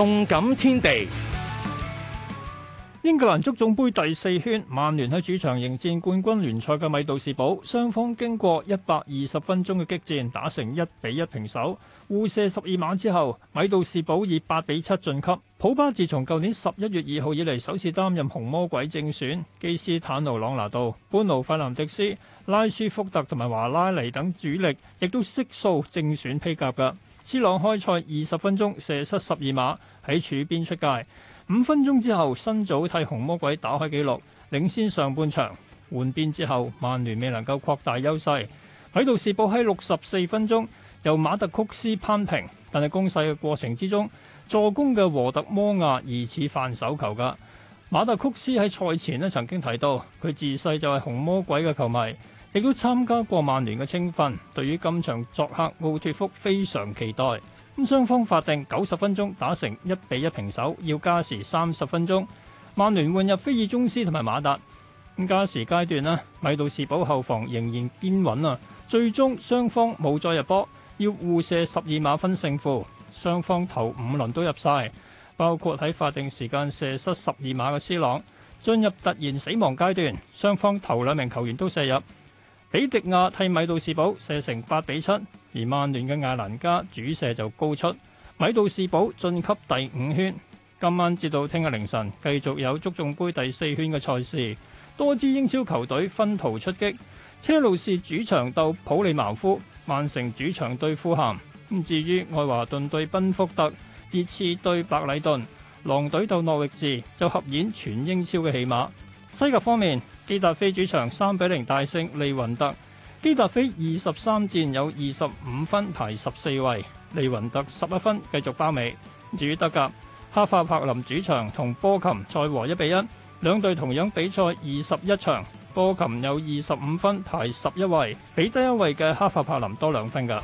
動感天地，英格蘭足總盃第四圈，曼聯喺主場迎戰冠，冠軍聯賽嘅米杜士堡，雙方經過一百二十分鐘嘅激戰，打成一比一平手。互射十二碼之後，米杜士堡以八比七晉級。普巴自從舊年十一月二號以嚟，首次擔任紅魔鬼正選。基斯坦奴、朗拿度、班奴、費南迪斯、拉舒福特同埋華拉尼等主力，亦都悉數正選披甲噶。斯朗開賽二十分鐘射失十二碼，喺柱邊出界。五分鐘之後，新組替紅魔鬼打開紀錄，領先上半場。換邊之後，曼聯未能夠擴大優勢，喺度試報喺六十四分鐘由馬特曲斯扳平，但係攻勢嘅過程之中，助攻嘅和特摩亞疑似犯手球㗎。馬特曲斯喺賽前呢曾經提到，佢自細就係紅魔鬼嘅球迷。亦都參加過曼聯嘅青訓，對於今場作客奧脱福非常期待。雙方法定九十分鐘打成一比一平手，要加時三十分鐘。曼聯換入菲爾中斯同埋馬達。加時階段呢，米杜士堡後防仍然堅穩啊。最終雙方冇再入波，要互射十二碼分勝負。雙方頭五輪都入晒，包括喺法定時間射失十二碼嘅斯朗。進入突然死亡階段，雙方頭兩名球員都射入。比迪亞替米杜士堡射成八比七，而曼聯嘅艾蘭加主射就高出。米杜士堡晉級第五圈。今晚至到聽日凌晨，繼續有足總盃第四圈嘅賽事，多支英超球隊分途出擊。車路士主場鬥普利茅夫，曼城主場對富咸。咁至於愛華頓對賓福特，熱刺對白禮頓，狼隊鬥諾域治，就合演全英超嘅戲碼。西甲方面。基達菲主場三比零大勝利雲特，基達菲二十三戰有二十五分排十四位，利雲特十一分繼續包尾。至於德甲，哈法柏林主場同波琴賽和一比一，兩隊同樣比賽二十一場，波琴有二十五分排十一位，比低一位嘅哈法柏林多兩分㗎。